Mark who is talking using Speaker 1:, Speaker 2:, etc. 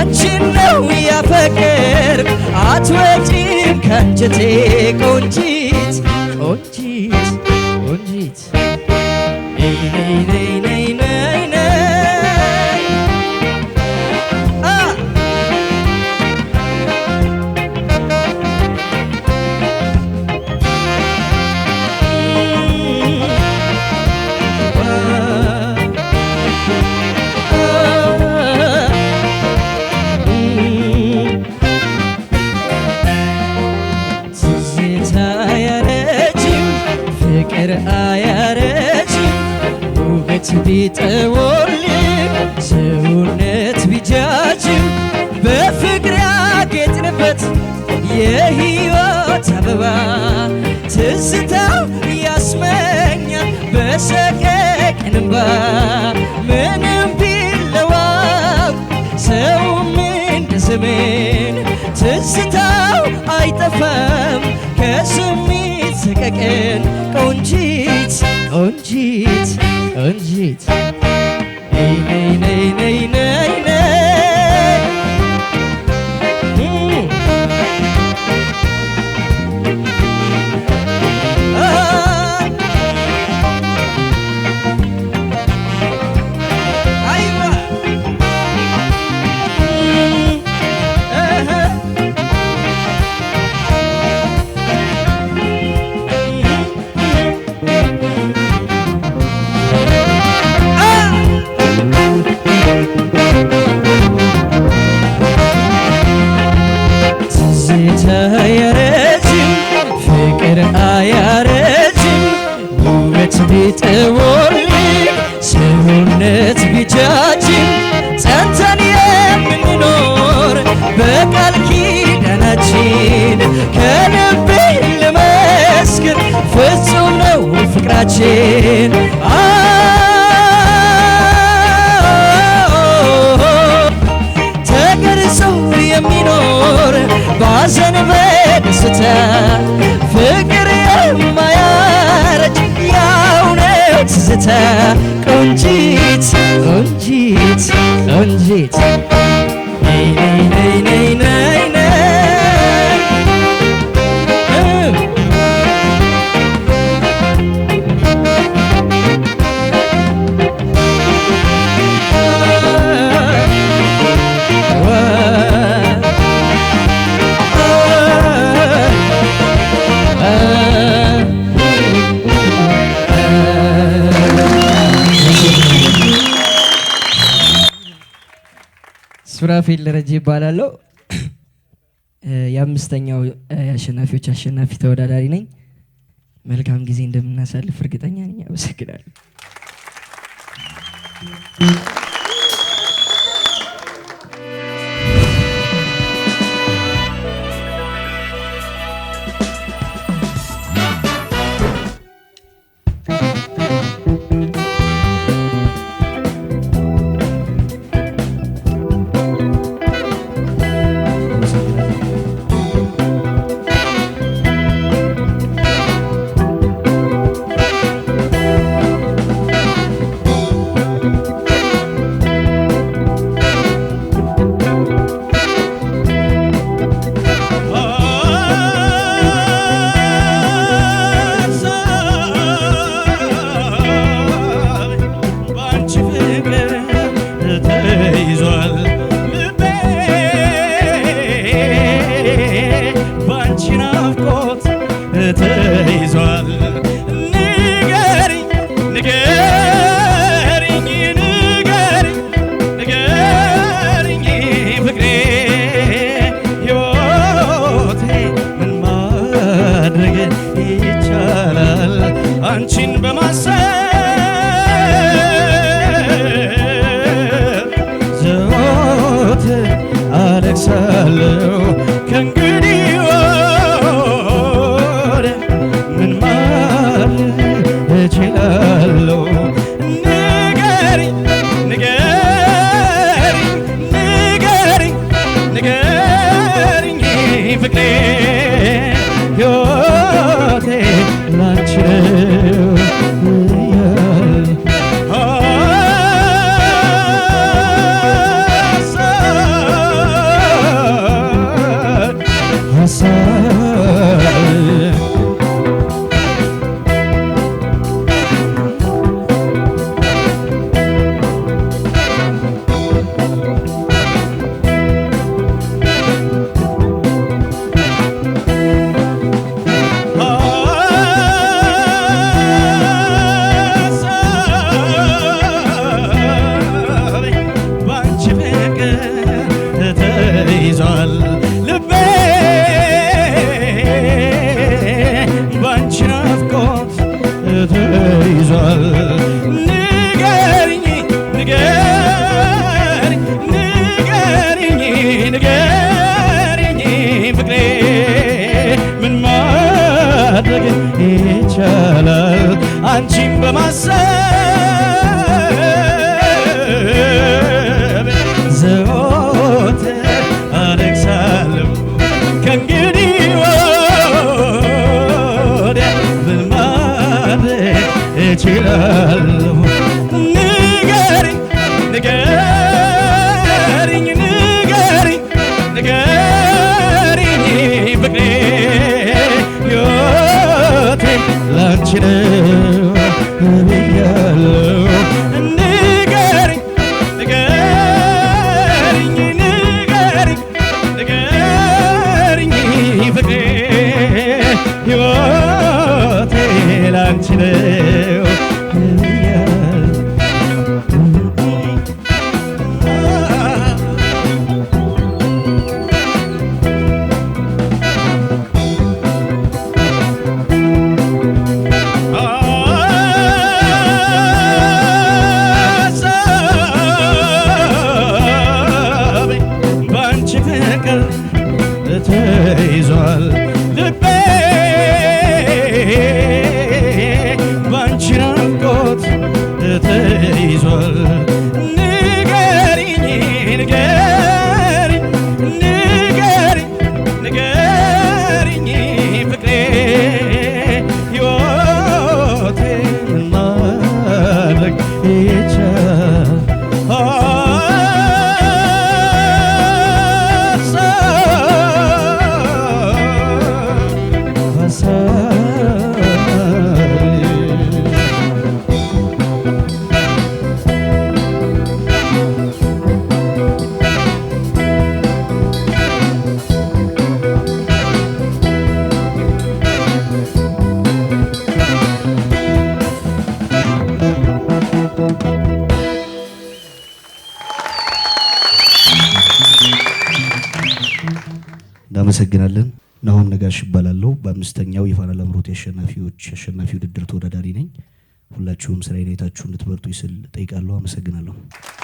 Speaker 1: አንቺን ነው ያፈቅር አትወጪም ከንጅቴ ቆንጂ ቢጠወል ሰውነት ቢጃጅም በፍቅር ያጌጥንበት የሕይወት አበባ ትዝታው ያስመኛል በሰቀቀን ምንም ቢለዋብ ሰውም እንደ ዘመን ትዝታው አይጠፋም ከስሜት ሰቀቀን ቆንጂት ቆንጂት önce. Ney ney a ney ፍቅር አያረጅም ውበት ቢጠወልግ ሰውነት ቢጃጅም ጸንተን የምንኖር በቃል ኪዳናችን ከልብ ልመስክር ፍጹም ነው ፍቅራችን ተገርጾ የሚኖር ባዘን በደስታ ትተ ቆንጂት ቆንጂት ቆንጂት
Speaker 2: ሱራፌል ደረጀ ይባላለሁ። የአምስተኛው የአሸናፊዎች አሸናፊ ተወዳዳሪ ነኝ። መልካም ጊዜ እንደምናሳልፍ እርግጠኛ ነኝ። አመሰግናለሁ።
Speaker 3: ማድረግ ይቻላል አንቺን በማሰብ 장난치네
Speaker 2: እናመሰግናለን። ናሆም ነጋሽ ይባላለሁ። በአምስተኛው የፋና ላምሮት የአሸናፊዎች አሸናፊ ውድድር ተወዳዳሪ ነኝ። ሁላችሁም ስራ አይታችሁ እንድትመርጡ ስል ጠይቃለሁ። አመሰግናለሁ።